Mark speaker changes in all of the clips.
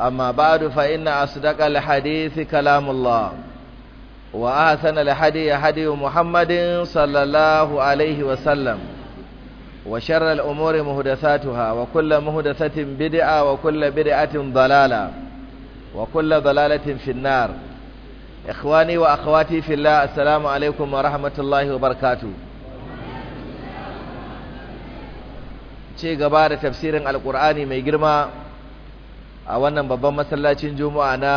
Speaker 1: أما بعد فإن أصدق الحديث كلام الله وأحسن الحدي حدي محمد صلى الله عليه وسلم وشر الأمور مهدثاتها وكل مهدثة بدعة وكل بدعة ضلالة وكل ضلالة في النار إخواني وأخواتي في الله السلام عليكم ورحمة الله وبركاته ce gaba da tafsirin alkur'ani mai girma a wannan babban masallacin juma'a na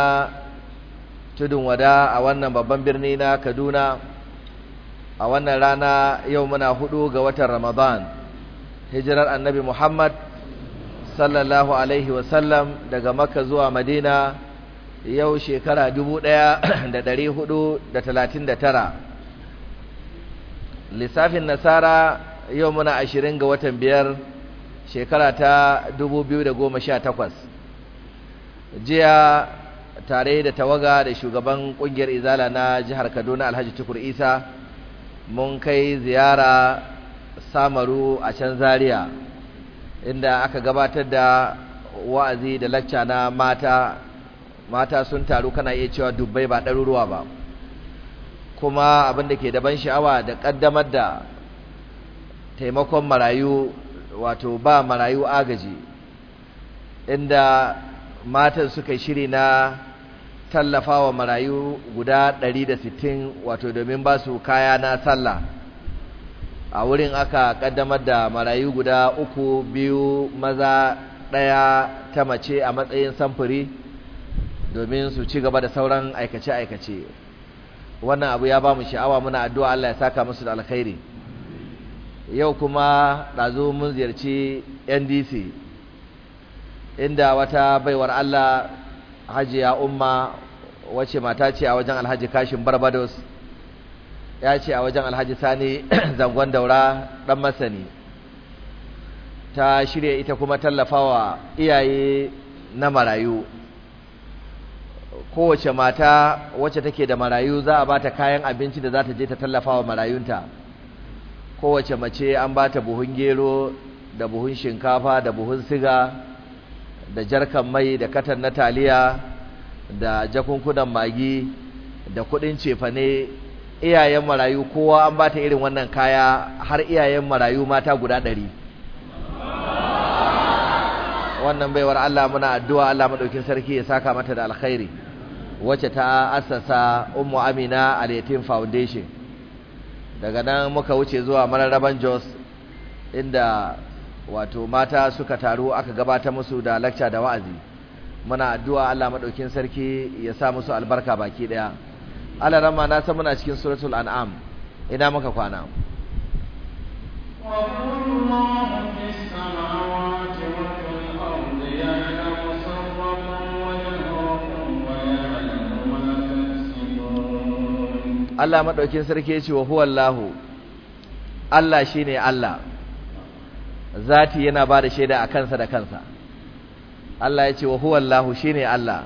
Speaker 1: tudun wada a wannan babban birni na kaduna a wannan rana yau muna hudu ga watan ramadan hijirar annabi muhammad sallallahu alaihi wasallam daga makka zuwa madina yau shekara dubu ɗaya da hudu da talatin tara lissafin nasara yau muna ashirin ga watan biyar shekara ta dubu goma sha takwas jiya tare da tawaga da shugaban kungiyar izala na jihar kaduna alhaji tukur isa mun kai ziyara samaru a can zaria inda aka gabatar da wa'azi da lacca na mata mata sun taru kana iya cewa dubbai ba ɗaruruwa ba kuma abin da ke da ban sha'awa da ƙaddamar da taimakon marayu wato ba marayu agaji inda matan suka shiri na tallafa wa marayu guda 160 wato domin ba su kaya na sallah a wurin aka kaddamar da marayu guda uku biyu maza ɗaya ta mace a matsayin samfuri domin su ci gaba da sauran aikace-aikace wannan abu ya ba mu sha'awa muna addu'a Allah ya saka musu da alkhairi yau kuma ɗazu mun ziyarci ndc inda wata baiwar Allah hajiya umma wace mata ce a wajen alhaji kashin barbados ya ce a wajen alhaji sani zangon daura ɗan masani ta shirya ita kuma tallafawa iyaye na marayu kowace mata wacce take da marayu za a bata kayan abinci da za ta je ta tallafawa marayunta kowace mace an bata buhun gero da buhun shinkafa da buhun siga da jarkan mai da katar na taliya da jakunkunan magi da kudin cefane iyayen marayu kowa an bata irin wannan kaya har iyayen marayu mata guda ɗari wannan baiwar Allah muna addu'a Allah maɗaukin sarki ya saka mata da alkhairi wacce ta assasa Ummu Amina Al-Yatim Foundation daga nan muka wuce zuwa mararaban Jos inda wato mata suka taru aka gabata musu da lacca da wa'azi muna addu'a Allah madaukin sarki ya sa musu albarka baki daya Allah rama na san muna cikin suratul an'am ina muka kwana Allah madaukin sarki ya ce wa huwallahu Allah shine Allah zati yana ba da shaida a kansa da kansa Allah ya ce wa huwa shi ne Allah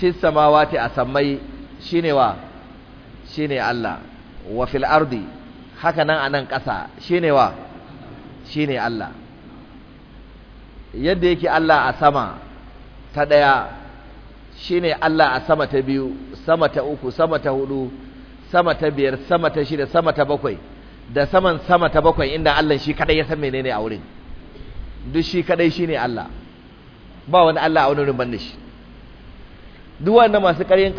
Speaker 1: cis samawati a sammai ne wa shine Allah wa fil ardi haka nan a nan ƙasa shi ne wa shine Allah yadda yake Allah a sama ta ɗaya shi ne Allah a sama ta biyu sama ta uku sama ta hudu sama ta biyar sama ta shida sama ta bakwai da saman sama ta bakwai inda Allah shi kadai ya san menene a wurin duk shi kadai shine Allah ba wani Allah a wani wurin banda shi duk wanda masu ƙaryin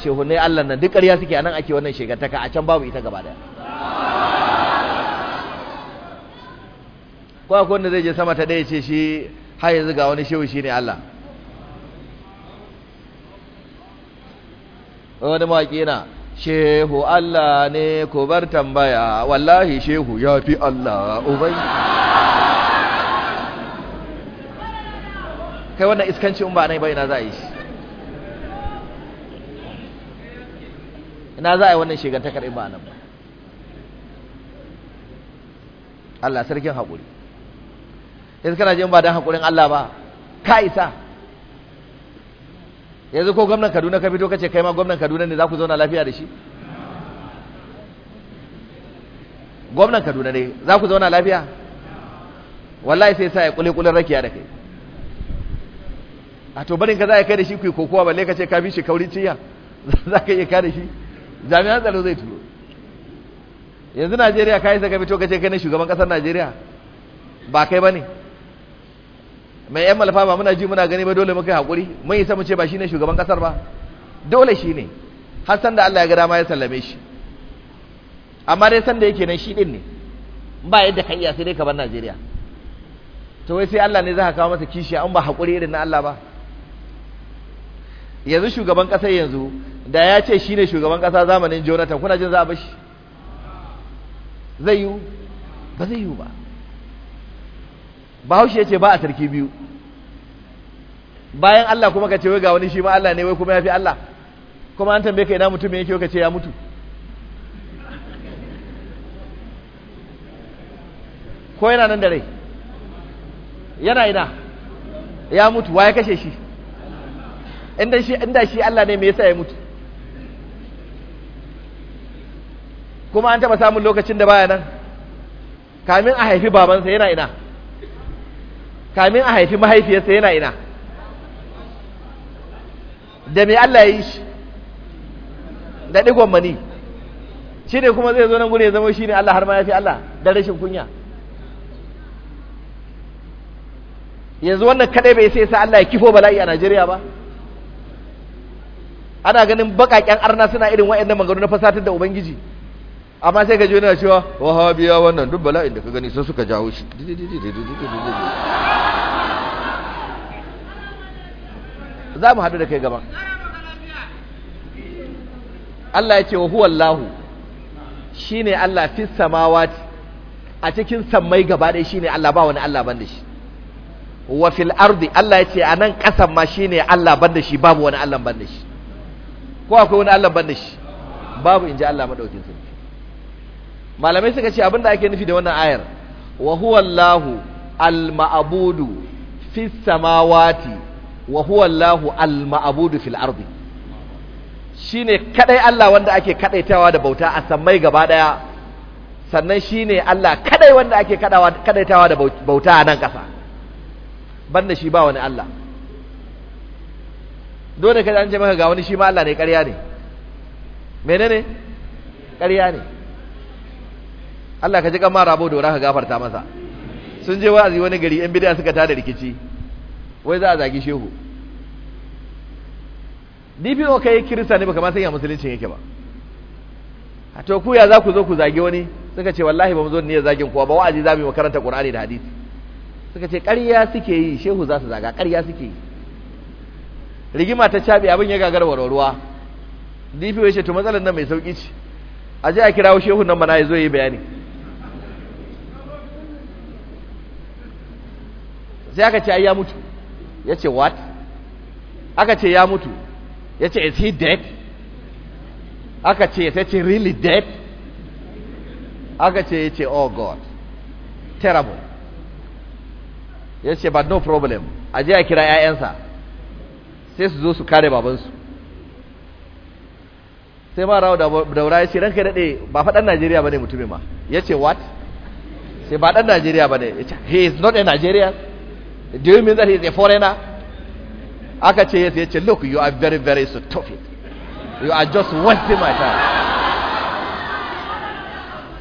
Speaker 1: shehu ne Allah nan duk ƙarya suke anan ake wannan shegataka a can babu ita gaba daya ko akwai wanda zai je sama ta ɗaya ce shi har yanzu ga wani shehu shine Allah wani mawaƙi na shehu Allah ne ku bar tambaya wallahi shehu ya fi Allah ubai kai wannan iskanci in ba nai bai na za a yi ina za a yi wannan shigantakar in ba nan ba Allah sarkin haƙuri yanzu kana jin ba don haƙurin Allah ba ka isa yanzu ko gwamnan kaduna ka fito kace kai ma gwamnan kaduna ne za ku zauna lafiya da shi gwamnan kaduna ne za ku zauna lafiya wallahi sai sa ya kule kulen rakiya da kai a to barin ka za ka kai da shi ku yi kokowa balle ka ce ka bi shi kauri ciya za ka iya da shi jami'an tsaro zai turo yanzu najeriya ka yi ka fito ka ce kai ne shugaban kasar najeriya ba kai ba ne mai yan malafa ba muna ji muna gani ba dole muka hakuri mun yi mu ce ba shine shugaban kasar ba dole shine har san da Allah ya ga dama ya sallame shi amma dai san da yake nan shi din ne ba yadda ka iya sai dai ka bar Najeriya to wai sai Allah ne za ka kawo masa kishi an ba hakuri irin na Allah ba yanzu shugaban ƙasar yanzu da ya ce shine shugaban kasa zamanin Jonathan kuna jin za a bashi zai yiwu ba zai yiwu ba bahaushe ya ce ba a sarki biyu bayan Allah kuma ka ce wai ga wani shi ma Allah ne wai kuma ya fi Allah kuma an tambaye ka ina mutum yake ka ce ya mutu ko yana nan da rai yana ina
Speaker 2: ya mutu wa ya kashe
Speaker 1: shi inda shi inda shi Allah ne me yasa ya mutu kuma an taba samun lokacin da baya nan kamin a haifi babansa yana ina kamin a haifi mahaifiyarsa yana ina da mai Allah ya yi shi da ɗigon mani shi ne kuma zai zo nan gure ya zama shi ne Allah har ma ya fi Allah da rashin kunya yanzu wannan kadai bai sai sa Allah ya kifo bala'i a Najeriya ba ana ganin baƙaƙen arna suna irin wa'annan maganganu na fasatar da ubangiji amma sai ka ji wani cewa wahabiya wannan duk bala'in da ka gani sai suka jawo shi za mu haɗu da kai gaba Allah ya ce wa huwa Allahu shine Allah fi samawati a cikin sammai gaba ɗaya shine Allah ba wani Allah ban da shi wa fil ardi Allah ya ce a nan ƙasan ma shine Allah ban da shi babu wani Allah ban da shi ko akwai wani Allah ban da shi babu in ji Allah maɗaukin sarki malamai suka ce abinda ake nufi da wannan ayar wa huwa Allahu al-ma'budu fi samawati wa huwa Allahu al-ma'budu fil ardi shine kadai Allah wanda ake kadaitawa da bauta a samai gaba daya sannan shine Allah kadai wanda ake kadawa kadaitawa da bauta a nan kasa banda shi ba wani Allah dole kai an ce maka ga wani shi ma Allah ne ƙarya ne menene ƙarya ne Allah ka ji kan mara abu dora ka gafarta masa sun je wa'azi wani gari yan bid'a suka tada rikici wai za a zagi shehu DPO kai kirista ne baka ma sanya ya musulunci yake ba a to ku ya za ku zo ku zagi wani suka ce wallahi ba mu zo ne zagin kuwa ba wa'azi za mu yi karanta Qur'ani da hadisi suka ce ƙarya suke yi shehu za su zaga ƙarya suke yi rigima ta cabe abin ya gagar warwarwa DPO ya ce to matsalar nan mai sauki ce a je a kirawo shehu nan mana ya zo yi bayani sai aka ce ai ya mutu ya ce what aka ce ya mutu ya ce is he dead aka ce ya ce really dead aka ce ya ce oh god terrible ya ce but no problem a je a kira 'ya'yansa sai su zo su kare babansu sai ma rawa daura ya ce ranka daɗe ba faɗan najeriya ba ne mutumin ma ya ce what sai ba ɗan najeriya ba ne ya ce he is not a nigerian Do you mean that he's a foreigner? aka ce ya yace look you are very very stupid you are just wasting my time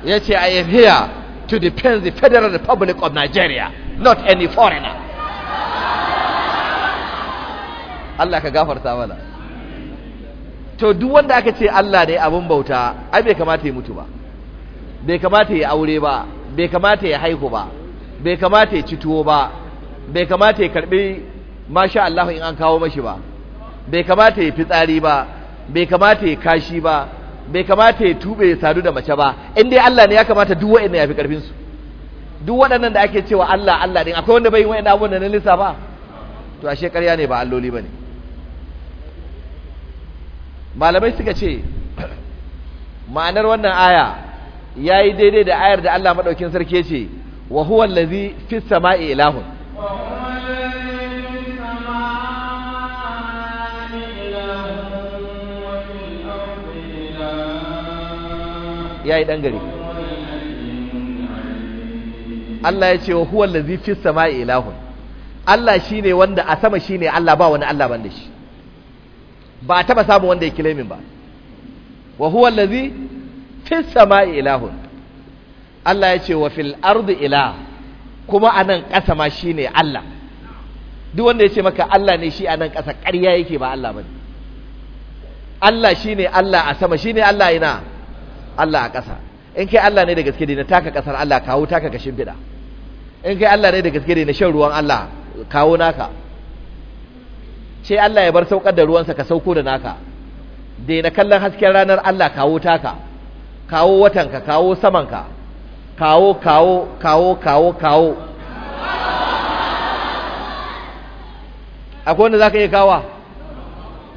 Speaker 1: Yace I am here to defend the Federal Republic of Nigeria not any foreigner Allah ka gafarta mana to duk wanda aka ce Allah ne abin bauta ai bai kamata ya mutu ba bai kamata ya aure ba bai kamata ya haihu ba bai kamata ya ci ba bai kamata ya karbi masha Allah in an kawo mashi ba bai kamata ya fitsari ba bai kamata ya kashi ba bai kamata ya tube ya sadu da mace ba in dai Allah ne ya kamata duk waɗannan ya fi karfin su duk waɗannan da ake cewa Allah Allah din akwai wanda bai wani abu da na lissa ba to ashe ƙarya ne ba alloli bane malamai suka ce ma'anar wannan aya yayi daidai da ayar da Allah madaukin sarki ya ce wa huwa allazi fis sama'i ilahun ya yi ɗangare Allah ya ce wa huwa lazi fi sama ilahun Allah shi ne wanda a sama shi ne Allah ba wani Allah ban da shi ba a taɓa samun wanda ya kilemin ba wa huwa lazi fi sama ilahun Allah ya ce wa fil ardi ilah kuma a nan ƙasa ma shi ne Allah duk wanda ya ce maka Allah ne shi a nan ƙasa ƙarya yake ba Allah ba Allah shi ne Allah a sama shi ne Allah ina Allah a ƙasa in kai Allah ne da gaske ne na taka ƙasar Allah kawo taka ka shimfiɗa in kai Allah ne da gaske ne na shan ruwan Allah kawo naka ce Allah ya bar saukar da ruwansa ka sauko da naka daina kallon hasken ranar Allah kawo taka kawo watanka kawo samanka kawo kawo kawo kawo kawo akwai wanda za ka iya kawa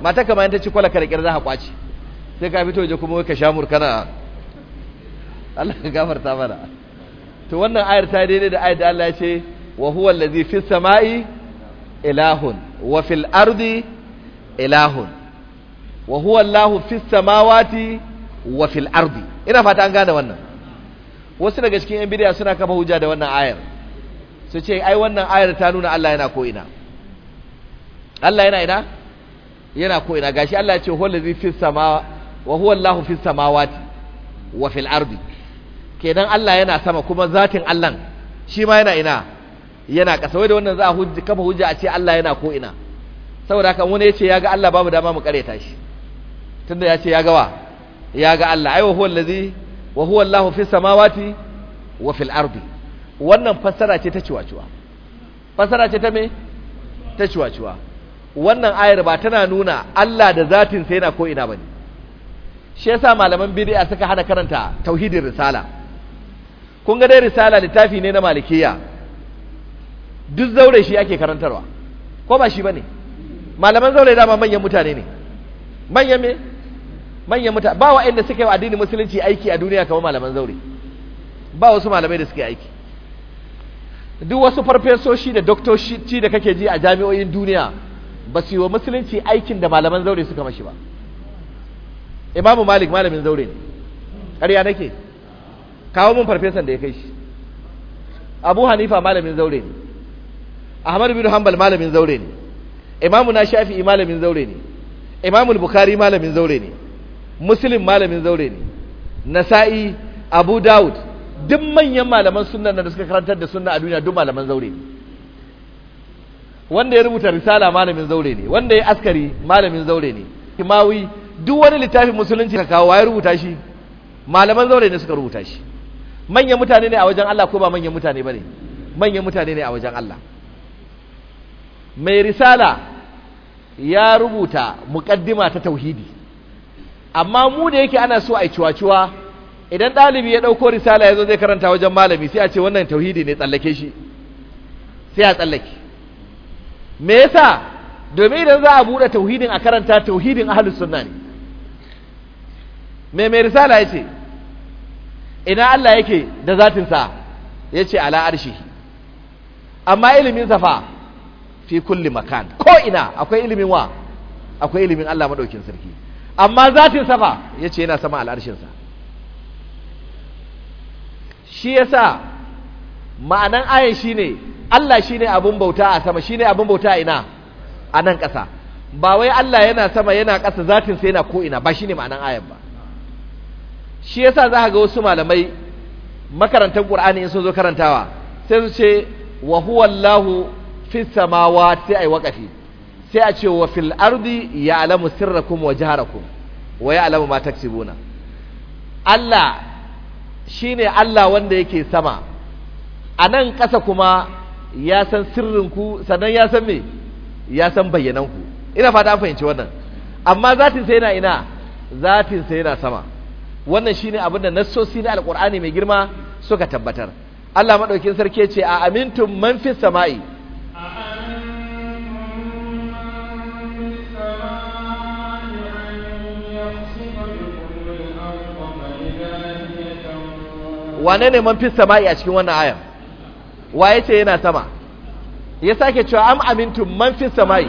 Speaker 1: mata kama ta ci kwala karkar za a kwaci sai ka fito waje kuma ka sha murkana Allah ka gafarta mana to wannan ayar ta daidai da ayar da Allah ya ce wa huwa allazi fis sama'i ilahun wa fil ardi ilahun wa huwa allahu fis samawati wa fil ardi ina fata an gane wannan wasu daga cikin yan bidiya suna kafa hujja da wannan ayar su ce ai wannan ayar ta nuna Allah yana ko ina Allah yana ina yana ko ina gashi Allah ya ce huwa allazi fis samawa wa huwa Allahu fis samawati wa fil ardi kenan Allah yana sama kuma zatin Allah shi ma yana ina yana ƙasa wai da wannan za a kafa hujja a ce Allah yana ko ina saboda haka wani ya ce ya ga Allah babu dama mu kareta shi tunda ya ce ya ga wa ya ga Allah ai wa huwa allazi wa huwa Allahu fi samawati wa fil ardi wannan fassara ce ta ciwaciwa fassara ce ta me ta ciwaciwa wannan ayar ba tana nuna Allah da zatin sai yana ko ina bane shi yasa malaman bid'a suka hana karanta tauhidin risala kun ga dai risala littafi ne na malikiya duk zaure shi ake karantarwa ko ba shi bane malaman zaure dama manyan mutane ne manyan me manyan muta ba wa inda suka yi addinin musulunci aiki a duniya kamar malaman zaure ba wasu malamai da suka yi aiki duk wasu farfesoshi da doktoshi da kake ji a jami'o'in duniya ba su yi wa musulunci aikin da malaman zaure suka mashi ba imamu malik malamin zaure ne ƙarya nake kawo mun farfesan da ya kai shi abu hanifa malamin zaure ne ahmad bin hanbal malamin zaure ne imamu na shafi'i malamin zaure ne imamu bukhari malamin zaure ne muslim malamin zaure ne nasa'i abu dawud duk manyan malaman sunna da suka karantar da sunna a duniya duk malaman zaure ne wanda ya rubuta risala malamin zaure ne wanda ya askari malamin zaure ne Kimawi duk wani littafin musulunci ka kawo ya rubuta shi malaman zaure ne suka rubuta shi manyan mutane ne a wajen Allah ko ba manyan mutane bane manyan mutane ne a wajen Allah mai risala ya rubuta muqaddima ta tauhidi amma mu da yake ana so a cuwa cuwa idan ɗalibi ya ɗauko risala ya zo zai karanta wajen malami sai a ce wannan tauhidi ne tsallake shi sai a tsallake me yasa domin idan za a buɗe tauhidin a karanta tauhidin ahlus sunna ne me mai risala ya ce ina Allah yake da zatinsa ya ce ala arshi amma ilimin safa fi kulli makan ko ina akwai ilimin wa akwai ilimin Allah maɗaukin sarki amma zatin sama ya ce yana sama al'arshinsa shi ya sa ma'anan ayin shi ne Allah shi ne abin bauta a sama shi ne abin bauta ina a nan ƙasa ba wai Allah yana sama yana ƙasa zatinsa yana ko'ina ba shi ne ma'anan ayin ba shi ya sa za ga wasu malamai makarantar ƙur'ani in sun zo karantawa sai su ce wa huwallahu fi samawa sai yi wakafi sai a ce wa fil ardi alamu sirrakum wa jaharakum wa alamu ma taksibuna Allah shi ne Allah wanda yake sama a nan ƙasa kuma ya san sirrinku sannan ya san me ya san bayyananku ina fata an fahimci wannan amma zatin sai yana ina zatin sai yana sama wannan shine abin da nassosi na alqur'ani mai girma suka tabbatar Allah madaukin sarki ya ce a amintum man sama'i wane ne man sama'i a cikin wannan ayan wa ya ce yana sama ya sake cewa am amintu man sama'i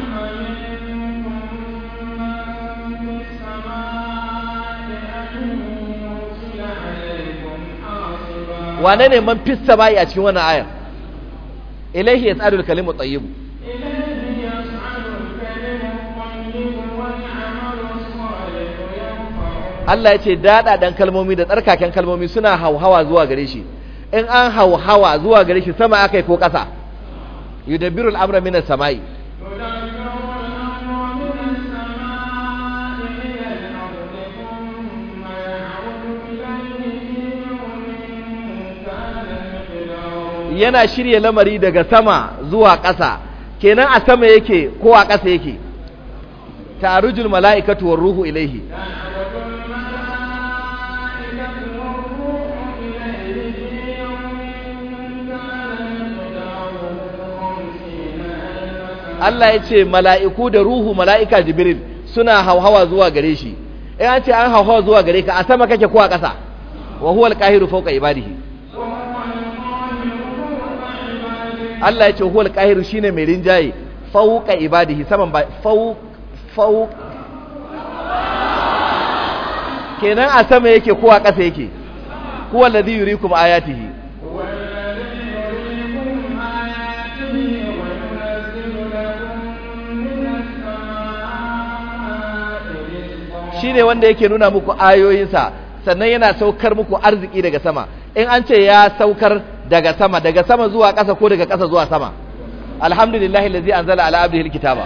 Speaker 1: wane ne man sama'i a cikin wannan ayan ilaihi ya tsadul kalimu tsayibu Allah ya ce daɗaɗen kalmomi da tsarkaken kalmomi suna hauhawa zuwa gare shi in an hauhawa zuwa gare shi sama aka yi ko ƙasa minas sama'i yana shirya lamari daga sama zuwa ƙasa kenan a sama yake ko a ƙasa yake ta'arujul mala'ikatu war ruhu ilaihi Allah ya ce mala'iku da ruhu mala'ika jibril suna hauhawa zuwa gare shi ya an ce an hauhawa zuwa gare ka a sama kake kuwa ƙasa wa huwa alqahiru fauka ibadihi
Speaker 3: Allah ya ce huwa
Speaker 1: shi ne mai rinjaye fauka ibadihi saman ba fauka kenan a sama yake kuwa ƙasa yake huwa alladhi yuriikum ayatihi shine wanda yake nuna muku ayoyinsa sannan yana saukar muku arziki daga sama in an ce ya saukar daga sama daga sama zuwa ƙasa ko daga ƙasa zuwa sama alhamdulillahi allazi anzala ala abdihi alkitaba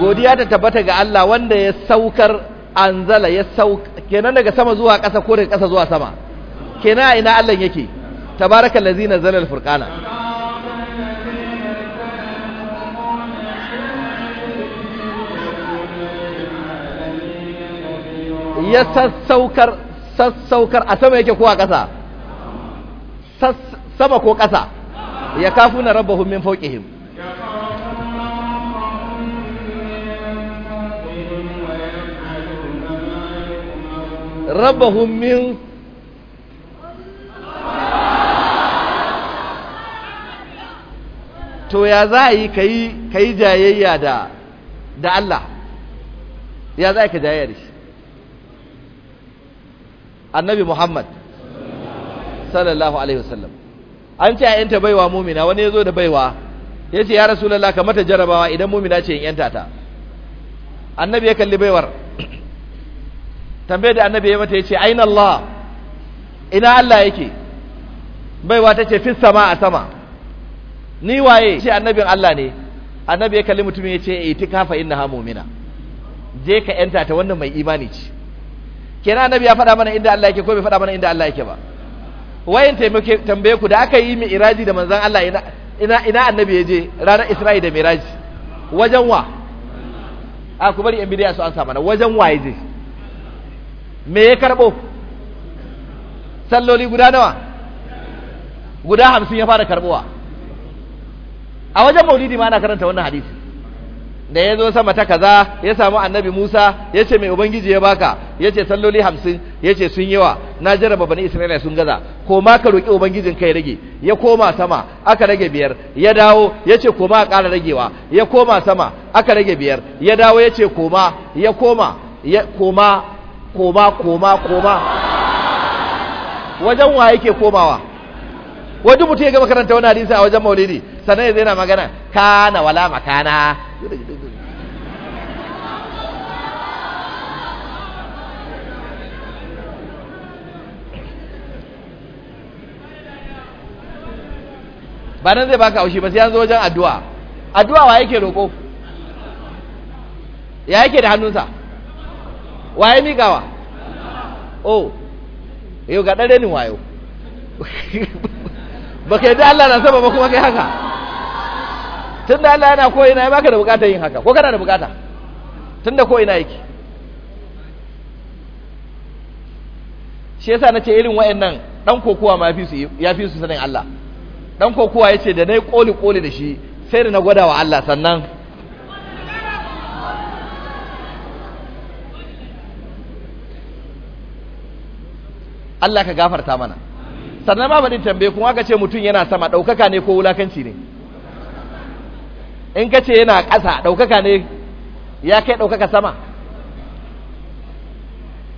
Speaker 1: godiya ta tabbata ga Allah wanda ya saukar anzala ya sauka kenan daga sama zuwa ƙasa ko daga ƙasa zuwa sama kenan ina Allah yake tabarakallazi nazzala al-furqana ya sassaukar sassaukar a sama yake ko a ƙasa sama ko ƙasa ya kafu na min fawqihim rabbahum min to ya za a yi ka yi jayayya da Allah ya za ka jayayya da shi annabi Muhammad sallallahu alaihi wasallam an ce a yanta baiwa mumina wani ya zo da baiwa ya ce ya rasulallah ka mata jarabawa idan mumina ce in yanta ta annabi ya kalli baiwar tambaye da annabi ya mata ya ce aina Allah ina Allah yake baiwa ta ce fi sama a sama ni waye shi annabin Allah ne annabi ya kalli mutumin ya ce itikafa eh, innaha mu'mina je ka yanta ta wannan mai imani ce kenan annabi ya faɗa mana inda Allah yake ko bai faɗa mana inda Allah yake ba wayin taimake tambaye ku da aka yi mi iraji da manzon Allah ina ina ina annabi ya je ranar Isra'i da Miraj wajen wa a ku bari yan bidiya su an sa mana wajen wa je me ya karbo salloli guda nawa guda hamsin ya fara karbowa a wajen maulidi ma ana karanta wannan hadisi da ya zo sama ta kaza ya samu annabi Musa ya ce mai ubangiji ya baka ya ce salloli hamsin ya ce sun yawa na jaraba bani Isra'ila sun gaza ko ma ka roƙi ubangijin kai rage ya koma sama aka rage biyar ya dawo ya ce koma a ƙara ragewa ya koma sama aka rage biyar ya dawo ya ce koma ya koma ya koma koma koma koma wajen wa yake komawa wajen mutum ya gama karanta wani hadisi a wajen maulidi sannan ya zaina magana kana wala makana ba nan zai baka aushi ba sai yanzu wajen addu'a addu'a wa yake roko ya yake da hannunsa wa ya miƙawa oh yau ga ɗare renin wayo ba ka da Allah na saba ba kuma kai haka tun da Allah yana ko ina baka da bukatar yin haka ko kana da bukata da ko ina yake shi yasa ce irin wayannan dan kokowa ma ya fi su sanin Allah dan kokowa ce da na yi koli koli da shi sai da na gwada wa Allah sannan Allah ka gafarta mana sannan ma bani tambaye kuma aka ce mutum yana sama ɗaukaka ne ko wulakanci ne in ka ce yana ƙasa ɗaukaka ne ya kai ɗaukaka sama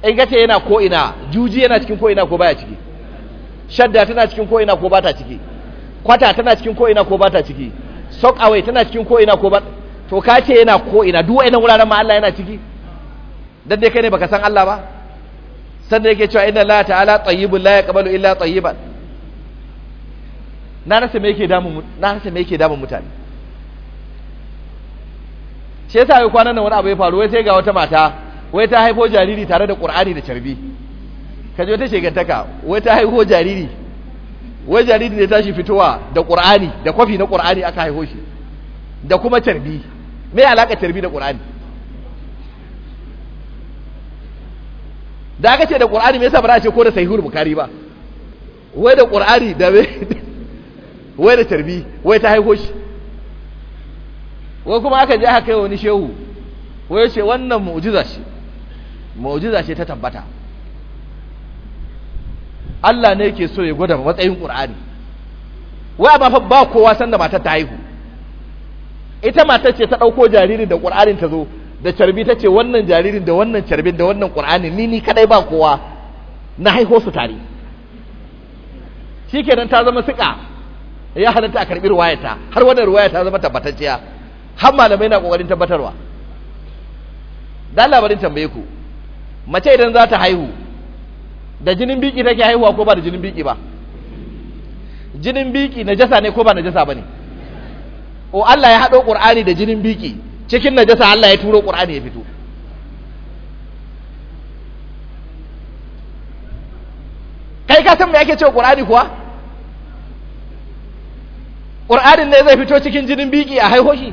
Speaker 1: in ka ce yana ko'ina juji yana cikin ko'ina ko baya ciki shadda tana cikin ko'ina ko bata ciki kwata tana cikin ko'ina ko bata ciki sok away tana cikin ko'ina ko ba to ka ce yana ko'ina duk wa'annan wuraren ma Allah yana ciki dan dai kai ne baka san Allah ba sannan yake cewa inna Allah ta'ala tayyibun la yaqbalu illa tayyiban na rasa me yake na rasa me yake damun mutane shi yasa ya kwanan nan wani abu ya faru wai sai ga wata mata wai ta haifo jariri tare da qur'ani da carbi ka je ta shegantaka wai ta haifo jariri wai jariri ne tashi fitowa da qur'ani da kwafi na qur'ani aka haifo shi da kuma carbi me alaka carbi da qur'ani da aka ce da qur'ani me yasa ba za a ce ko da sahihul bukhari ba wai da qur'ani da wai da carbi wai ta haifo shi wai kuma aka je aka kai wani shehu ya ce wannan mu'jiza ce mu'jiza ce ta tabbata Allah ne yake so ya gwada matsayin Qur'ani wai ba ba kowa san da matar ta haihu ita matar ce ta dauko jaririn da Qur'anin ta zo da carbi ta ce wannan jaririn da wannan carbin da wannan Qur'ani ni ni kadai ba kowa na haihu su tare shikenan ta zama sika ya halatta a karbi ruwayata har wannan ruwaya ta zama tabbatacciya har malamai na kokarin tabbatarwa dan labarin tambaye ku mace idan za ta haihu da jinin biki take haihuwa ko ba da jinin biki ba jinin biki najasa ne ko ba najasa bane o Allah ya hado Qur'ani da jinin biki cikin najasa Allah ya turo Qur'ani ya fito kai ka san me yake cewa Qur'ani kuwa Qur'anin ne zai fito cikin jinin biki a haihoshi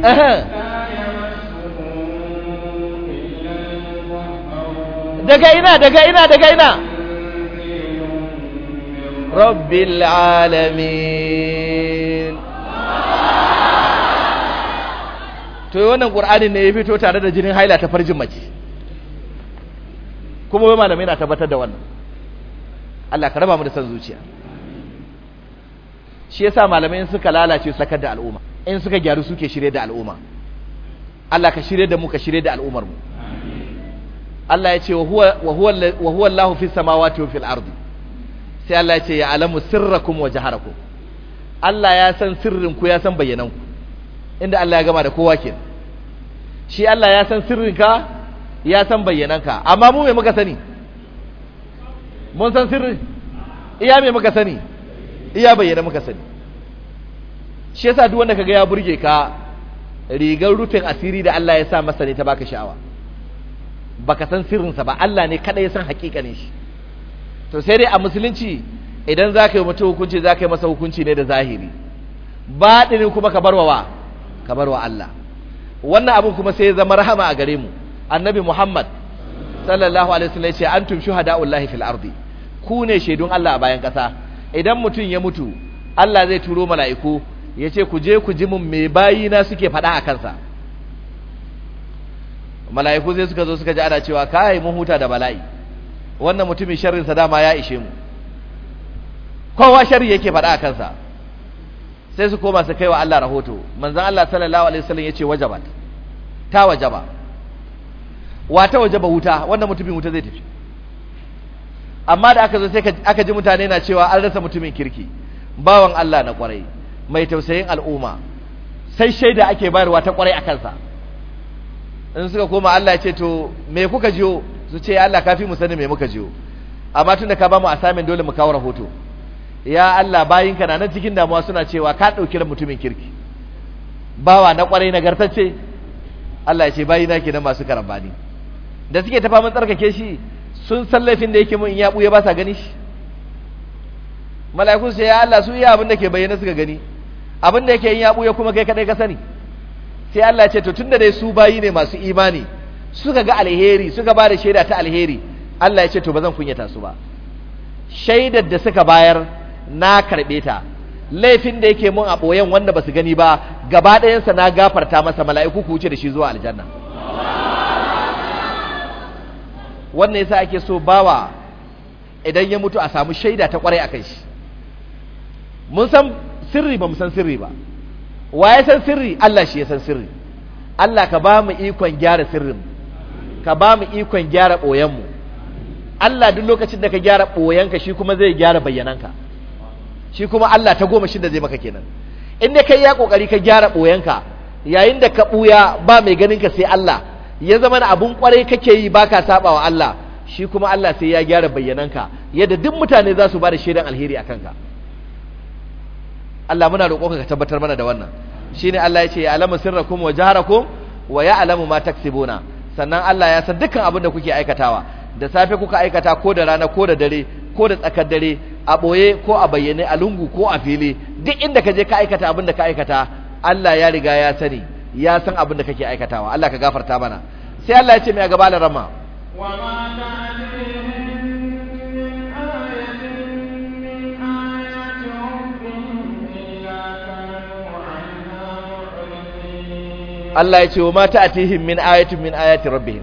Speaker 1: daga ina daga ina daga ina rabbil alamin to wannan qur'ani ne ya fito tare da jinin haila ta farjin mace kuma wai malamai na tabbatar da wannan Allah ka raba mu da san zuciya shi yasa malamai suka lalace sakar da al'umma in suka gyaru suke shirye da al'umma Allah ka shirye da mu ka shirye da al'ummar mu Allah ya ce wa huwa wa huwa Allahu samawati wa fil ardi sai Allah ya ce ya alamu sirrakum wa jaharakum Allah ya san sirrin ku ya san bayyanan ku inda Allah ya gama da kowa ke shi Allah ya san sirrinka ya san bayyananka amma mu me muka sani mun san sirri iya me muka sani iya bayyana muka sani shi yasa duk wanda kaga ya burge ka rigar rufin asiri da Allah ya sa masa ne ta baka sha'awa baka san sirrinsa ba Allah ne kada ya san hakikanin shi to sai dai a musulunci idan ka yi mutum hukunci ka yi masa hukunci ne da zahiri baɗini kuma ka barwa wa ka barwa Allah wannan abin kuma sai ya zama rahama a gare mu annabi Muhammad sallallahu alaihi wasallam ya ce antum shuhada'ullahi fil ardi ku ne shaidun Allah a bayan kasa idan mutum ya mutu Allah zai turo mala'iku ya ce ku je ku ji mun mai bayina suke faɗa a kansa mala'iku zai suka zo suka ji ana cewa kai mun huta da bala'i wannan mutumin sharrinsa dama ya ishe mu kowa sharri yake faɗa a kansa sai su koma su kaiwa Allah rahoto manzon Allah sallallahu alaihi wasallam ce wajabat ta wajaba wa ta wajaba wuta wannan mutumin wuta zai tafi amma da aka zo sai aka ji mutane na cewa an rasa mutumin kirki bawan Allah na kwarai mai tausayin al'umma sai shaida ake bayarwa ta kwarai a kansa in suka koma Allah ya ce to me kuka jiyo su ce ya Allah kafi mu sani me muka jiyo amma tunda ka ba mu assignment dole mu kawo rahoto ya Allah bayinka na nan cikin damuwa suna cewa ka dauki ran mutumin kirki bawa na kwarai nagartacce Allah ya ce bayina kenan masu karambani da suke tafa mun tsarkake shi sun san laifin da yake mun ya buye ba sa gani shi mala'iku sai ya Allah su iya abin da ke bayyana suka gani abin da yake yin ya buya kuma kai kadai ka sani sai Allah ya ce to tunda dai su bayi ne masu imani suka ga alheri suka ba da shaida ta alheri Allah ya ce to ba zan kunyata su ba shaidar da suka bayar na karbe ta laifin da yake mun a boyen wanda basu gani ba gaba ɗayansa na gafarta masa mala'iku ku wuce da shi zuwa aljanna wannan yasa ake so bawa idan ya mutu a samu shaida ta kwarai akan shi mun san sirri ba mu san sirri ba wa ya san sirri Allah shi ya san sirri Allah ka ba mu ikon gyara sirrin ka ba mu ikon gyara ɓoyen mu Allah duk lokacin da ka gyara ɓoyen ka shi kuma zai gyara bayyananka shi kuma Allah ta goma da zai maka kenan in dai kai ya kokari ka gyara ɓoyen ka yayin da ka buya ba mai ganin ka sai Allah ya zama na abun kwarai kake yi baka saba wa Allah shi kuma Allah sai ya gyara bayyananka yadda duk mutane za su ba da shaidan alheri akan ka Allah muna roƙonka ka tabbatar mana da wannan shine Allah ya ce ya alamu sirrakum wa jaharakum wa ya alamu ma taksibuna sannan Allah ya san dukkan abin da kuke aikatawa da safe kuka aikata ko da rana ko da dare ko da tsakar dare a boye ko a bayyane a lungu ko a fili duk inda ka je ka aikata abin da ka aikata Allah ya riga ya sani ya san abin da kake aikatawa Allah ka gafarta mana sai Allah ya ce mai a gaba da rama
Speaker 3: wa ma ta'lamu
Speaker 1: Allah ya ce wa mata atihim min ayatin min ayati rabbihim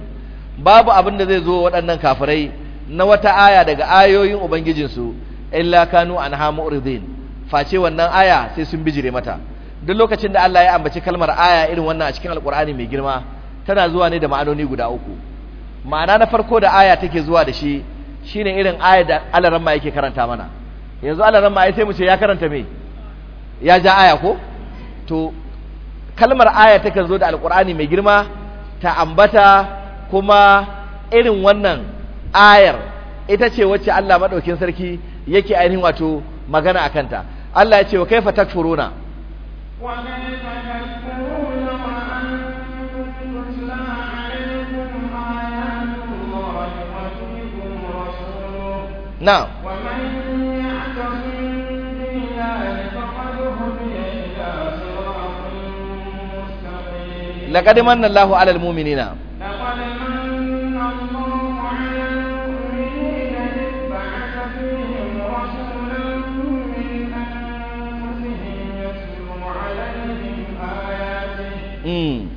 Speaker 1: babu abin da zai zo waɗannan kafirai na wata aya daga ayoyin ubangijinsu illa kanu anha mu'ridin face wannan aya sai sun bijire mata duk lokacin da Allah ya ambaci kalmar aya irin wannan a cikin alkur'ani mai girma tana zuwa ne da ma'anoni guda uku ma'ana na farko da aya take zuwa da shi shine irin aya da alaran ma yake karanta mana yanzu alaran ma sai mu ce ya karanta me ya ja aya ko to kalmar aya kan zo da alkur'ani mai girma ta ambata kuma irin wannan ayar ita ce wacce Allah maɗaukin sarki yake ainihin wato magana a kanta Allah ya ce wa kaifa takfuruna
Speaker 3: wa na'am لقد من الله على المؤمنين لقد من الله على المؤمنين إذ بعث فيهم
Speaker 2: رسولا
Speaker 3: من أنفسهم يتلو عليهم آياته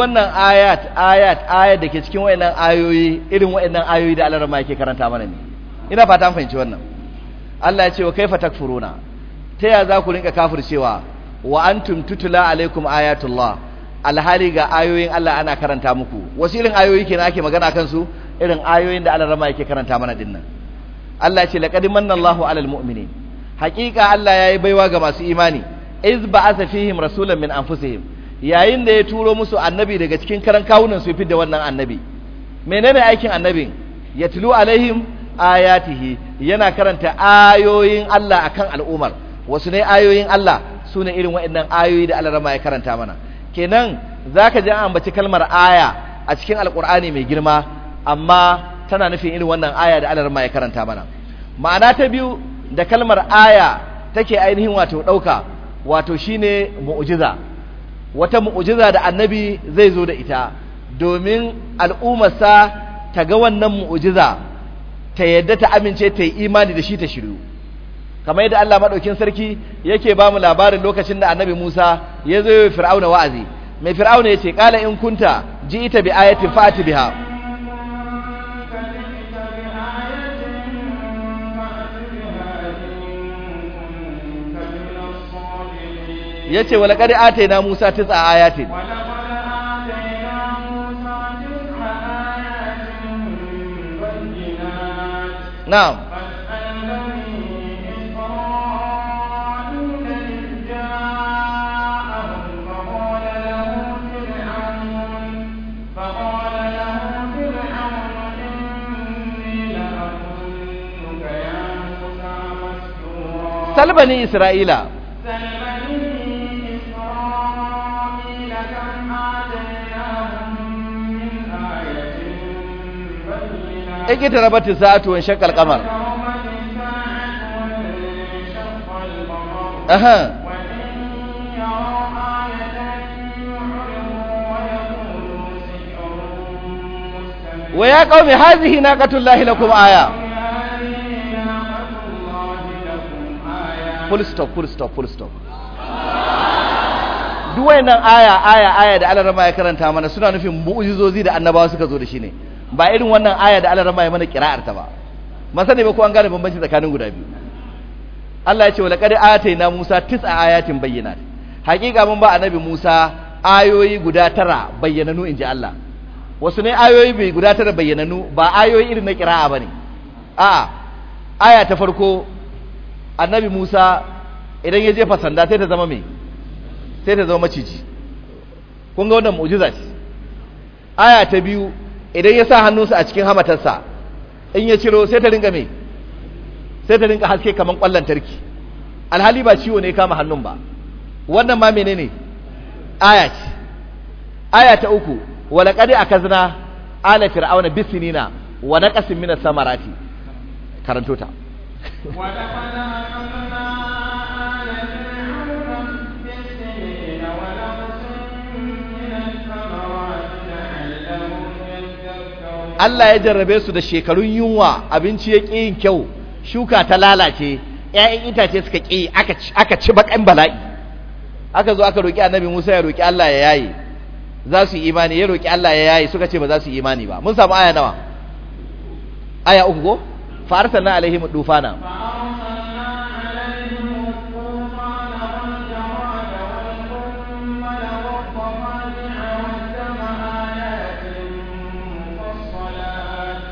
Speaker 3: wannan ayat
Speaker 1: ayat ayat da ke cikin wayannan ayoyi irin wayannan ayoyi da Allah yake karanta mana ne ina fata an fahimci wannan Allah ya ce wa kaifa takfuruna ta ya za ku rinka kafircewa wa antum tutula alaikum ayatullah alhali ga ayoyin Allah ana karanta muku wasu irin ayoyi kenan ake magana kansu su irin ayoyin da Allah yake karanta mana dinnan Allah ya ce laqad alal mu'minin haqiqa Allah yayi baiwa ga masu imani iz ba'atha fihim rasulan min anfusihim yayin da ya turo musu annabi daga cikin karan kawunan su da wannan annabi menene aikin annabin ya tulu alaihim ayatihi yana karanta ayoyin Allah akan al'umar wasu ne ayoyin Allah su ne irin waɗannan ayoyi da Allah rama ya karanta mana kenan zaka ji an ambaci kalmar aya a cikin alkur'ani mai girma amma tana nufin irin wannan aya da Allah rama ya karanta mana ma'ana ta biyu da kalmar aya take ainihin wato ɗauka wato shine mu'jiza wata mu'ujiza da annabi zai zo da ita domin al'ummarsa ta ga wannan mu'ujiza ta yadda ta amince ta yi imani da shi ta shiru kamar yadda Allah maɗaukin sarki yake ba mu labarin lokacin da annabi Musa ya zo yi fir'auna wa'azi mai fir'auna ya ce kala in kunta ji ita bi ayatin fa'ati biha
Speaker 3: yace wala qad atayna
Speaker 1: musa tis'a ayatin
Speaker 3: na'am سل بني إسرائيل
Speaker 1: اقتربت الساعة وانشق القمر أها
Speaker 3: ويا قوم هذه ناقة الله لكم آية
Speaker 1: full stop full stop full stop duk nan aya aya aya da Allah ya karanta mana suna nufin mu'jizozi da annabawa suka zo da shi ne ba irin wannan aya da Allah rama ya mana kira'ar ta ba man sani ba ko an gane bambanci tsakanin guda biyu Allah ya ce wala qad atayna Musa tis'a ayatin bayyinat haqiqa mun ba annabi Musa ayoyi guda tara bayyananu inji Allah wasu ne ayoyi bai guda tara bayyananu ba ayoyi irin na kira'a bane a'a aya ta farko annabi Musa idan ya jefa sanda sai ta zama me sai ta zama maciji kun ga wannan mu'jiza ce aya ta biyu idan ya sa hannunsa a cikin hamatarsa in ya ciro sai ta ringa mai sai ta ringa haske kamar kwallon tarki alhali ba ciwo ne kama hannun ba wannan ma menene aya ce aya ta uku a akazna ala fir'auna bisinina wa naqasin min karantota samarati karanto ta Allah ya jarrabe su da shekarun yunwa abinci ya ƙi yin kyau shuka ta lalace ‘ya'yan itace suka ƙi aka ci baƙan bala'i aka zo aka roƙi annabi musa ya roƙi Allah ya yaye za su yi imani ya roƙi Allah ya yaye suka ce ba za su yi imani ba mun samu aya nawa aya uku ko fa arsalna alaihim dufana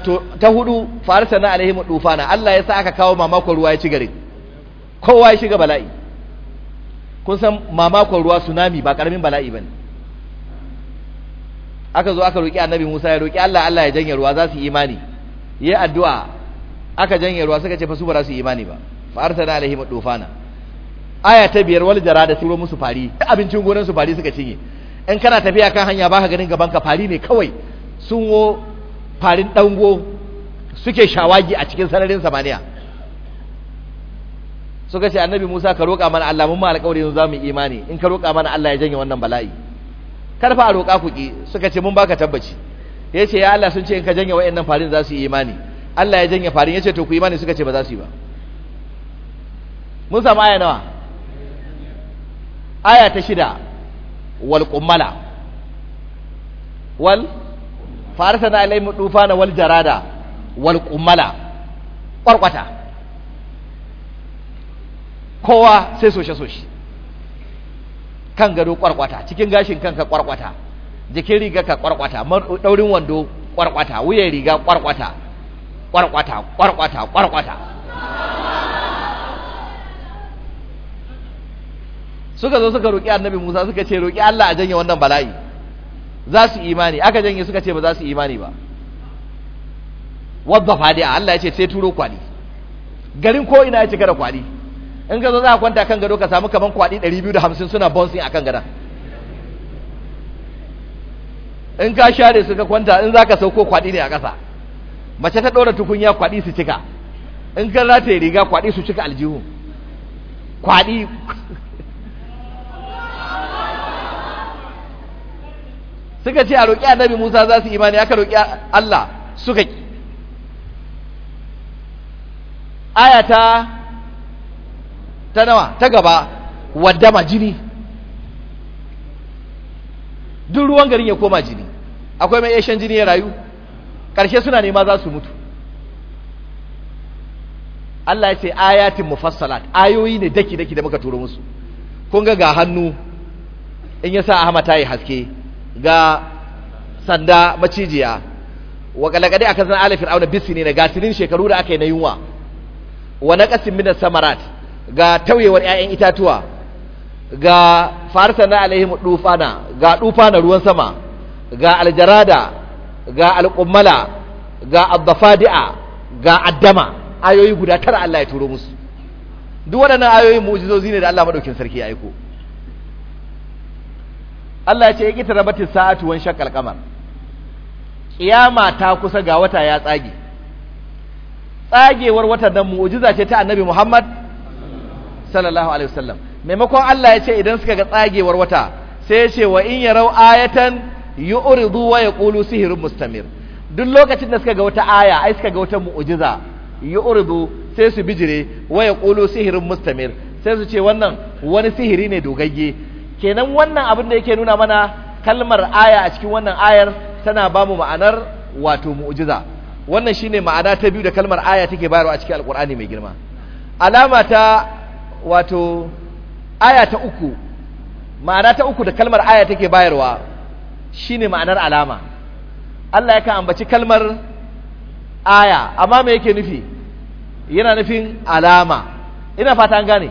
Speaker 1: to ta hudu farisa na alaihim dufana Allah ya sa aka kawo mamakon ruwa ya ci garin kowa ya shiga bala'i kun san mamakon ruwa tsunami ba karamin bala'i bane aka zo aka roki annabi Musa ya roki Allah Allah ya janye ruwa za su yi imani yayi addu'a aka janye ruwa suka ce fa su ba za su yi imani ba farisa na alaihim dufana aya ta biyar wal jarada turo musu fari abincin gonan su fari suka cinye in kana tafiya kan hanya baka ganin gaban ka fari ne kawai sun wo farin ɗango suke shawagi a cikin sararin samaniya suka ce annabi Musa ka roƙa mana Allah mun ma alƙawari yanzu yi imani in ka roƙa mana Allah ya janye wannan bala'i karfa a roƙa ku ki suka ce mun baka tabbaci ya ce ya Allah sun ce in ka janye wa'annan farin za su yi imani Allah ya janye farin ya ce to ku imani suka ce ba za su yi ba mun samu aya nawa aya ta shida wal qummala wal farisa na mutufa na wal jarada wal kummala kwarkwata kowa sai soshe-soshe kan gado kwarkwata cikin gashin kanka kwarkwata jikin riga ka kwarkwata daurin wando kwarkwata wuyan riga kwarkwata kwarkwata kwarkwata kwarkwata suka zo suka roƙi annabi Musa suka ce roƙi Allah a janye wannan bala'i za su imani aka janye suka ce ba za su imani ba wadda fadi'a Allah ya ce sai turo kwali garin ko ina ya cika da kwali in ka zo za ka kwanta kan gado ka samu kaman kwali 250 suna bouncing akan gadon in ka share su ka kwanta in za ka sauko kwali ne a ƙasa mace ta ɗora tukunya kwali su cika in ka rataye riga kwali su cika aljihu kwali suka ce a roƙi annabi Musa za su imani aka roƙi Allah suka ki Ayata ta nawa ta gaba waddama jini duk ruwan garin ya koma jini akwai mai yashen jini ya rayu ƙarshe suna nema za su mutu Allah ya ce ayatin mufassalat ayoyi ne daki-daki da muka turo musu kun ga hannu in ya sa hama ta yi haske ga sanda macijiya wa a aka san ala fir'auna bisini ga gasirin shekaru da aka yi na yunwa wa naqasin min samarat ga tauyewar 'ya'yan itatuwa ga farsana alaihim dufana ga dufana ruwan sama ga aljarada ga alqummala ga addafadi'a ga addama ayoyi guda tara Allah ya turo musu duk waɗannan ayoyin mu'jizozi ne da Allah madaukin sarki ya aiko Allah ya ce ya ƙi tarabati sa'atu wan shakal qamar kiyama ta kusa ga wata ya tsage tsagewar wata nan mu'jiza ce ta annabi Muhammad sallallahu alaihi wasallam maimakon Allah ya ce idan suka ga tsagewar wata sai ya ce wa in ya rau ayatan yu'ridu wa yaqulu sihrun mustamir duk lokacin da suka ga wata aya ai suka ga wata mu'jiza yu'ridu sai su bijire wa yaqulu sihrun mustamir sai su ce wannan wani sihiri ne dogagge kenan wannan abin da yake nuna mana kalmar aya a cikin wannan ayar tana ba mu ma'anar wato mu'jiza wannan shine ma'ana ta biyu da kalmar aya take bayarwa a cikin alqur'ani mai girma alama ta wato aya ta uku ma'ana ta uku da kalmar aya take bayarwa shine ma'anar alama Allah yakan ambaci kalmar aya amma me yake nufi yana nufin alama ina fata an gane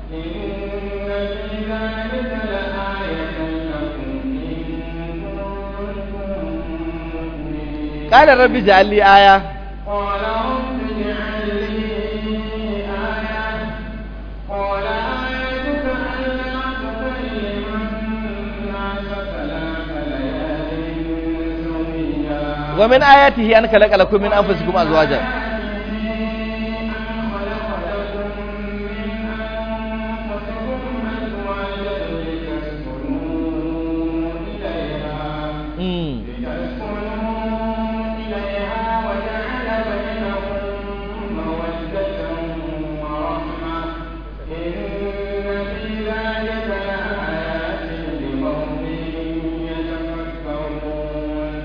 Speaker 3: قال رب اجعل لي آية قال رب اجعل لي آية قال آيتك ألا تكلم الناس ثلاث ليال سويا ومن آياته أن خلق لكم من أنفسكم أزواجا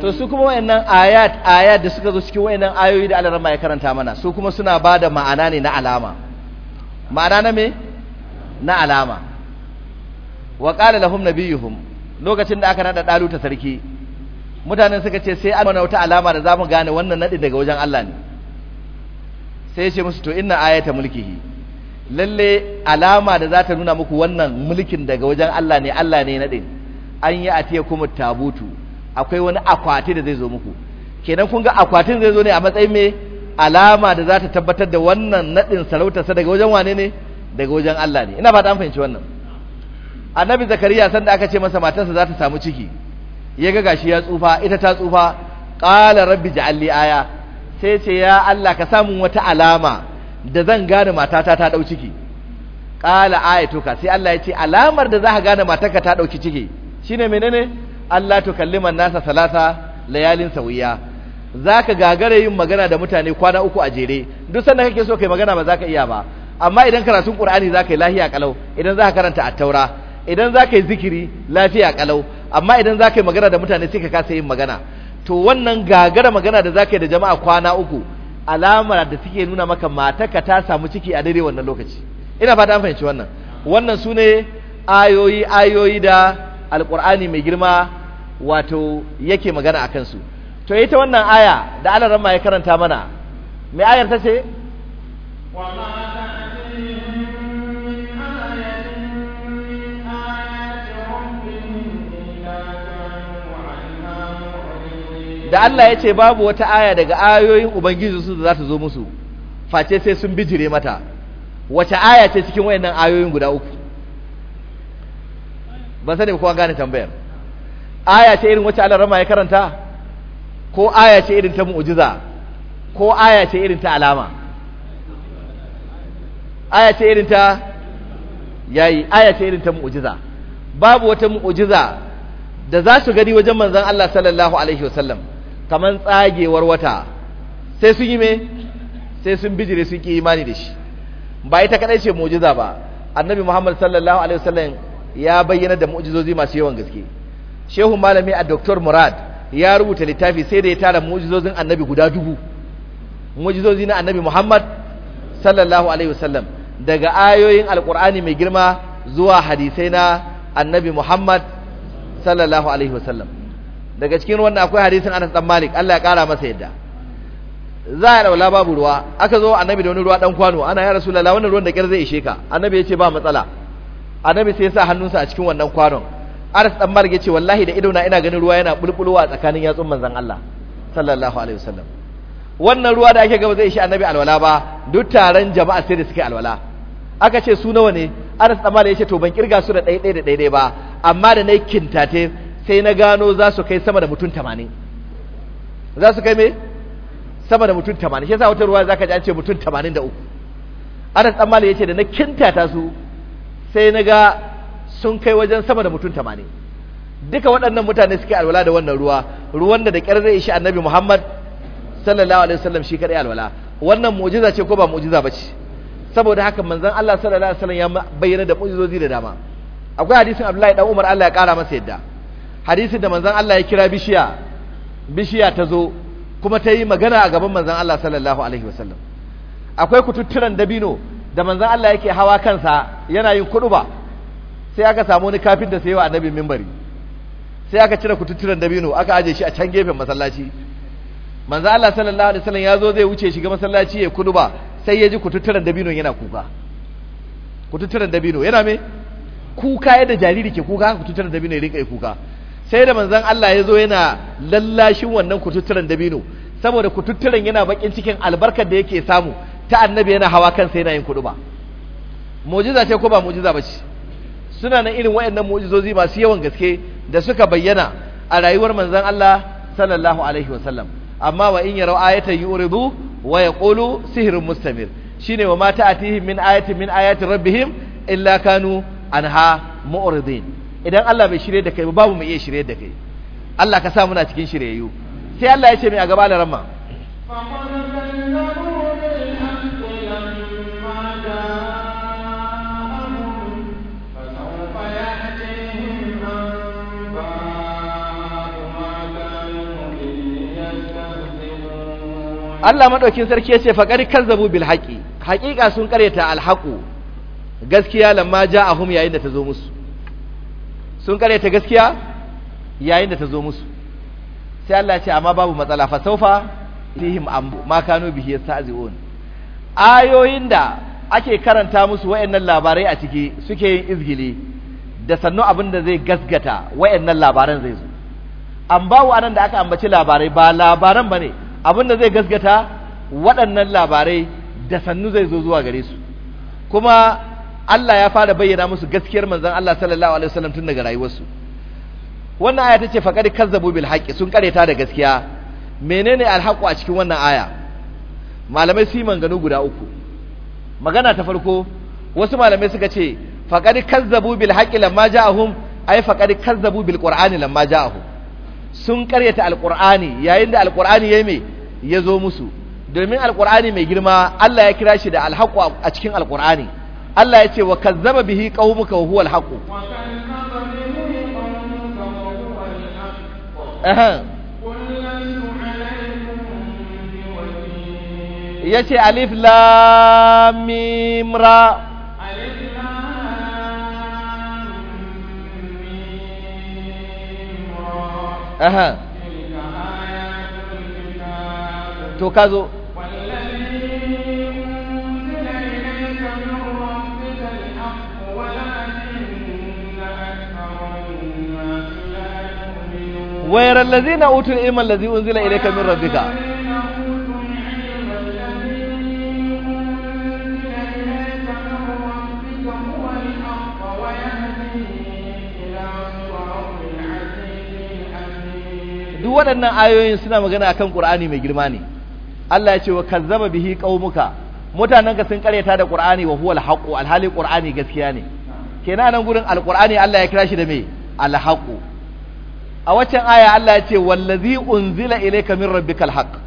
Speaker 1: to su kuma wayannan ayat ayat da suka zo cikin wayannan ayoyi da Allah ya karanta mana su kuma suna bada ma'ana ne na alama ma'ana na me na alama wa qala lahum nabiyuhum lokacin da aka nada dalu ta sarki mutanen suka ce sai an wata alama da zamu gane wannan nadi daga wajen Allah ne sai ya ce musu to inna ayata mulkihi lalle alama da za ta nuna muku wannan mulkin daga wajen Allah ne Allah ne nadi an yi atiyakum tabutu akwai wani akwati da zai zo muku kenan kun ga akwatin zai zo ne a matsayin me alama da za ta tabbatar da wannan nadin sarautarsa daga wajen wane ne daga wajen Allah ne ina ba an amfani wannan annabi zakariya san da aka ce masa matarsa za ta samu ciki ya ga gashi ya tsufa ita ta tsufa qala rabbi ja'al li aya sai ce ya Allah ka samu wata alama da zan gane matata ta dauki ciki qala ayatuka sai Allah ya ce alamar da za ka gane matarka ta dauki ciki shine menene Allah to tukalliman nasa salasa layalin sawiya zaka gagara yin magana da mutane kwana uku a jere duk sanda kake so kai magana ba ka iya ba amma idan karatun Qur'ani zaka yi lafiya kalau idan zaka karanta at-taura idan zaka yi zikiri lafiya kalau amma idan zaka yi magana da mutane sai ka kasa yin magana to wannan gagara magana da zaka yi da jama'a kwana uku alama da suke nuna maka mataka ta samu ciki a dare wannan lokaci ina fata an fahimci wannan wannan sune ayoyi ayoyi da Alƙur'ani mai girma wato yake magana a kansu. to ita wannan aya da Allah ramma ya karanta mana mai ayar ta ce
Speaker 3: da Allah ya ce babu
Speaker 1: wata aya daga ayoyin Ubangiji su da za ta zo musu face sai sun bijire mata wace aya ce cikin wayannan ayoyin guda uku ban sani ko an gane tambayar aya ce irin wacce Allah rama ya karanta ko aya ce irin ta mu'jiza ko aya ce irin ta alama aya ce irin ta yayi aya ce irin ta mu'jiza babu wata mu'jiza da za su gani wajen manzon Allah sallallahu alaihi wasallam kaman tsagewar wata sai sun yi me sai sun bijire sun ki imani da shi ba ita kadai ce mu'jiza ba annabi Muhammad sallallahu alaihi wasallam ya bayyana da mu'jizozi masu yawan gaske shehu malami a doktor Murad ya rubuta littafi sai da ya tara mu'jizozin annabi guda dubu mu'jizozi na annabi Muhammad sallallahu alaihi wasallam daga ayoyin alqur'ani mai girma zuwa hadisai na annabi Muhammad sallallahu alaihi wasallam daga cikin wannan akwai hadisin Anas dan Malik Allah ya kara masa yadda za a raula babu ruwa aka zo annabi da wani ruwa dan kwano ana ya rasulullah wannan ruwan da kyar zai ishe ka annabi ya ce ba matsala annabi sai ya sa hannunsa a cikin wannan kwanon Aras dan malik yace wallahi da idona ina ganin ruwa yana bulbulowa a tsakanin yatsun manzon Allah sallallahu alaihi wasallam wannan ruwa da ake gaba zai shi annabi alwala ba duk taron jama'a sai da suke alwala aka ce su nawa ne aras dan malik yace to ban kirga su da ɗaiɗai da ɗaiɗai ba amma da nayi kintate sai na gano za su kai sama da mutum 80 za su kai me sama da mutum 80 shi yasa wata ruwa zaka ji an ce mutum 83 aras dan malik yace da na kintata su sai na ga sun kai wajen sama da mutum tamanin duka waɗannan mutane suke alwala da wannan ruwa ruwan da da ƙyar zai ishi annabi muhammad sallallahu alaihi wasallam shi kaɗai alwala wannan mu'jiza ce ko ba mu'jiza ba ce saboda haka manzon Allah sallallahu alaihi wasallam ya bayyana da mu'jizozi da dama akwai hadisin Abdullahi dan Umar Allah ya ƙara masa yadda hadisin da manzon Allah ya kira bishiya bishiya ta zo kuma ta yi magana a gaban manzon Allah sallallahu alaihi wasallam akwai kututturan dabino da manzan Allah yake hawa kansa yana yin kuduba sai aka samu wani kafin da wa annabi mimbari sai aka cire kututturen dabino aka aje shi a can gefen masallaci manzan Allah sallallahu alaihi wasallam yazo zai wuce shiga masallaci ya kuduba sai ya ji kututturen dabino yana kuka kututturen dabino yana me kuka yadda jariri ke kuka Kututturan kututturen dabino ya rinka kuka sai da manzan Allah ya zo yana lallashin wannan kututturen dabino saboda kututturen yana bakin cikin albarkar da yake samu ta annabi yana hawa kansa yana yin ba mu'jiza ce ko ba mu'jiza ba ce suna nan irin waɗannan mu'jizozi masu yawan gaske da suka bayyana a rayuwar manzon Allah sallallahu alaihi wasallam amma wa in yaraw ayatan yuridu wa yaqulu sihrun mustamir shine wa mata ta'atihim min ayatin min ayati rabbihim illa kanu anha mu'ridin idan Allah bai shirye da kai babu mai iya shirye da kai Allah ka sa muna cikin shiryayyu sai Allah ya ce mai a gaba da ramma Allah madaukin sarki yace kan zabu bil haqi haqiqa sun karyata al haqu gaskiya lamma hum yayin da ta zo musu sun karyata gaskiya yayin da ta zo musu sai Allah ya ce amma babu matsala fa saufa lihim am ma kanu bihi yasta'zi'un ayoyin da ake karanta musu wayannan labarai a ciki suke yin izgili da sannu abin da zai gasgata wayannan labaran zai zo an bawo anan da aka ambaci labarai ba labaran bane abinda zai gasgata waɗannan labarai da sannu zai zo zuwa gare su kuma Allah ya fara bayyana musu gaskiyar manzon Allah sallallahu alaihi wasallam tun daga rayuwarsu wannan aya tace faqad kazzabu bil haqqi sun ta da gaskiya menene alhaqu a cikin wannan aya malamai su yi manganu guda uku magana ta farko wasu malamai suka ce faqad kazzabu bil haqqi lamma ja'ahum ai faqad kazzabu bil qur'ani lamma ja'ahum sun karyata alqur'ani yayin da alqur'ani yayi mai. ya zo musu domin alkur'ani mai girma Allah ya kira shi da alhaqu a cikin alkur'ani Allah ya ce wa kazzaba bihi qaumuka wa huwa alhaqu ya ce alif lam mim ra
Speaker 3: alif to ka zo wayar allazi na utul ilman lazi unzila ilaika min rabbika duk waɗannan
Speaker 1: ayoyin suna magana akan ƙur'ani mai girma ne Allah ya ce wa kazzaba bihi qaumuka mutanenka sun karyata da qur'ani wa huwa al alhali qur'ani gaskiya ne kenan nan gurin al Allah ya kira shi da me al a waccan aya Allah ya ce wallazi unzila ilayka min rabbikal haqq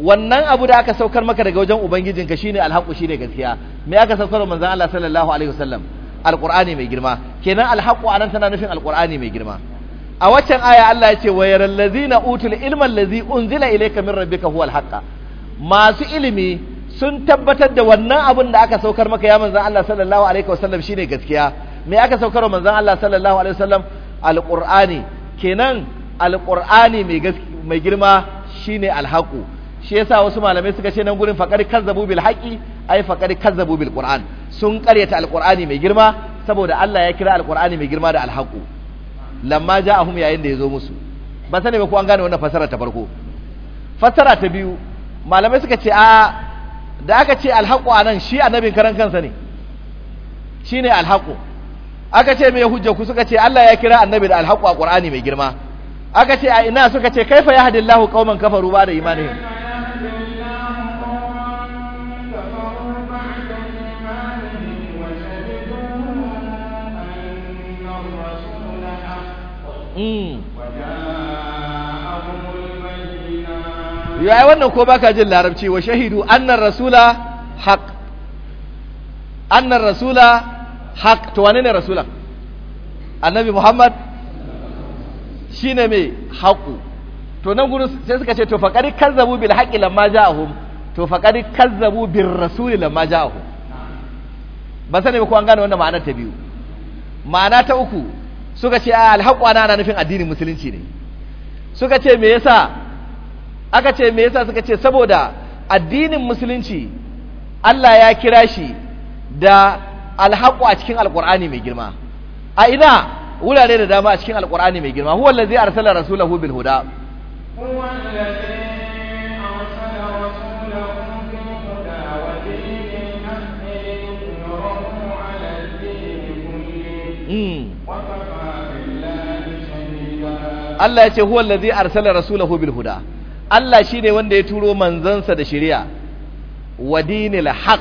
Speaker 1: wannan abu da aka saukar maka daga wajen ubangijinka shine al-haqqu shine gaskiya me aka saukar manzon Allah sallallahu alaihi wasallam al-qur'ani mai girma kenan al anan tana nufin al mai girma a waccan aya Allah ya ce wa yaral ilman utul unzila ilayka min rabbika huwal haqq masu ilimi sun tabbatar da wannan abin da aka saukar maka ya manzan Allah sallallahu alaihi wasallam shine gaskiya me aka saukar wa manzan Allah sallallahu alaihi wasallam alqur'ani kenan alqur'ani mai mai girma shine alhaqu shi yasa wasu malamai suka ce nan gurin faqad kazzabu bil haqi ai faqad kazzabu bil qur'an sun karyata alqur'ani mai girma saboda Allah ya kira alqur'ani mai girma da alhaqu lamma ja'ahum yayin da yazo musu ba sani ba ko an gane wannan fasara ta farko fasara ta biyu malamai suka ce a da aka ce alhaqu anan shi annabin karan kansa ne shine alhaqu aka ce me hujja ku suka ce Allah ya kira annabi da alhaqu a Qur'ani mai girma aka ce a ina suka ce kaifa yahdillahu qauman kafaru ba da imanihim yayi wannan ko baka jin larabci wa shahidu annar rasula haq annar rasula haq to wane ne rasula annabi muhammad shine mai haqu to nan gurin sai suka ce to faqari kazzabu bil haqqi lamma ja'ahum to faqari kazzabu bir rasul lamma ja'ahum ba sani ba ko an gane wannan ma'anar ta biyu ma'ana ta uku suka ce ah, alhaƙu na nufin addinin musulunci ne suka ce me yasa aka ce me yasa suka ce saboda addinin musulunci Allah ya kira shi da alhaƙu a cikin alƙur'ani mai girma a ina wurare da dama a cikin alƙur'ani mai girma huwa allazi arsala rasulahu bil huda Mm.
Speaker 3: Allah ya ce huwa ladzi
Speaker 1: arsala rasulahu bil huda Allah shine wanda ya turo manzansa da shari'a wa dinil haq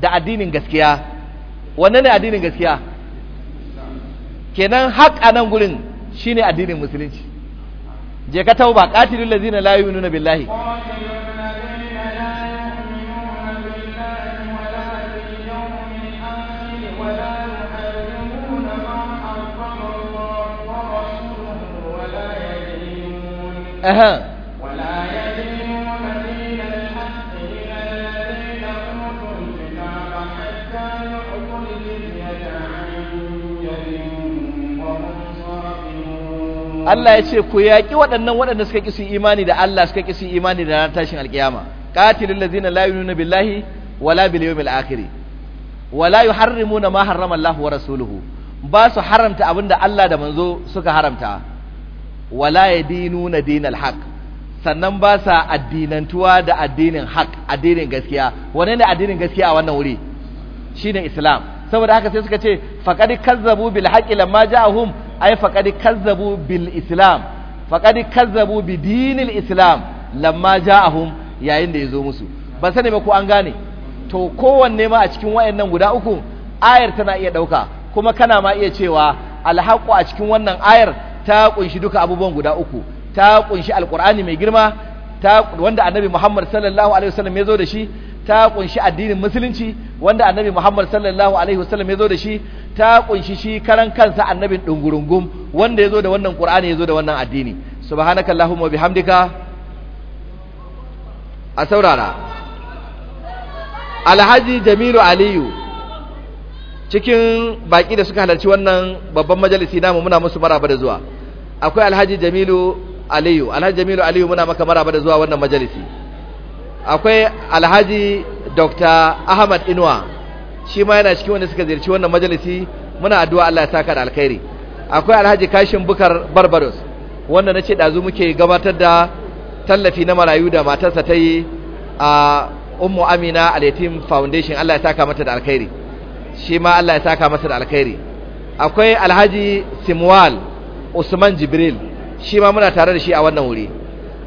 Speaker 1: da addinin gaskiya wanne ne addinin gaskiya kenan haq a nan gurin shine addinin musulunci je ka tauba qatilul ladzina la yu'minuna billahi أها
Speaker 3: ولا Allah ya ce
Speaker 1: ku yaƙi waɗannan waɗanda suka ƙi su imani da Allah suka ƙi su imani da ranar tashin alƙiyama qatilul ladzina la yu'minuna billahi wala bil yawmil akhir wala yuharrimuna ma harrama Allah wa rasuluhu ba su haramta abinda Allah da manzo suka haramta wala ya na dinal haqq sannan ba sa addinantuwa da addinin haq addinin gaskiya wane ne addinin gaskiya a wannan wuri Shi ne islam saboda haka sai suka ce faqad kazzabu bil haƙi lamma ja ja'ahum ay faqad kazzabu bil islam faqad kazzabu bi dinil islam lamma ja ja'ahum yayin da ya zo musu ba sani ba ko an gane to kowanne ma a cikin wayannan guda uku ayar tana iya ɗauka. kuma kana ma iya cewa alhaƙo a cikin wannan ayar ta kunshi duka abubuwan guda uku ta kunshi alqur'ani mai girma ta wanda annabi Muhammad sallallahu alaihi wasallam ya zo da shi ta kunshi addinin musulunci wanda annabi Muhammad sallallahu alaihi wasallam ya zo da shi ta kunshi shi karan kansa annabin dungurungum wanda ya zo da wannan qur'ani ya zo da wannan addini subhanakallahumma bihamdika a saurara alhaji jamilu aliyu cikin baki da suka halarci wannan babban majalisi namu muna musu maraba da zuwa akwai alhaji jamilu aliyu alhaji jamilu aliyu muna maka maraba da zuwa wannan majalisi akwai alhaji dr ahmad inuwa shi ma yana cikin wanda suka ziyarci wannan majalisi muna addu'a Allah ya saka da alkhairi akwai alhaji kashin bukar barbaros wanda na ce ɗazu muke gabatar da tallafi na marayu da matarsa ta yi a ummu amina al-yatim foundation Allah ya saka mata da alkhairi shi ma Allah ya saka masa da alkhairi akwai alhaji simwal usman jibril shi ma muna tare da shi a wannan wuri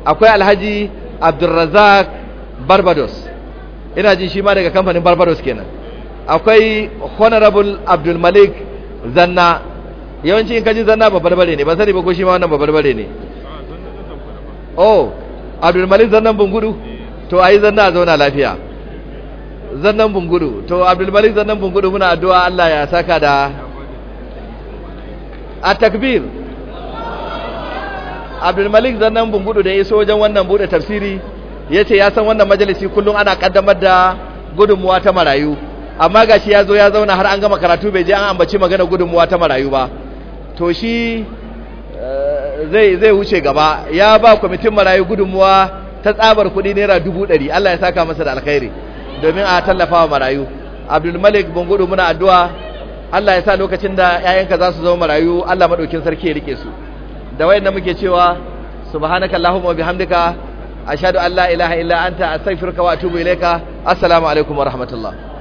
Speaker 1: akwai alhaji abdulrazak barbados ina jin shi ma daga kamfanin barbados kenan akwai honorable abdulmalik zanna yawanci in kaji zanna ba barbare ne ban sani ba ko shi ma wannan ba barbare ne oh abdulmalik zanna bungudu to yi zanna a zauna lafiya zannan bungudu to abdulmalik zannan bungudu muna addu'a Allah ya saka da a takbir abdulmalik zannan bungudu da ya iso wajen wannan bude tafsiri ya ce ya san wannan majalisi kullum ana kaddamar da gudunmuwa ta marayu amma gashi ya zo ya zauna har an gama karatu bai je an ambaci magana gudunmuwa ta marayu ba to shi eh, zai zai wuce gaba ya ba kwamitin marayu gudunmuwa ta tsabar kuɗi naira dubu ɗari Allah ya saka masa da alkhairi domin a tallafa wa marayu abdulmalik bungudu muna addu'a allah ya sa lokacin da 'ya'yanka za su zama marayu allah maɗaukin sarki ya rike su da wayanda muke cewa subhanaka allahumma wa bihamdika ashhadu an la ilaha illa anta astaghfiruka wa atubu ilaika assalamu alaikum wa rahmatullah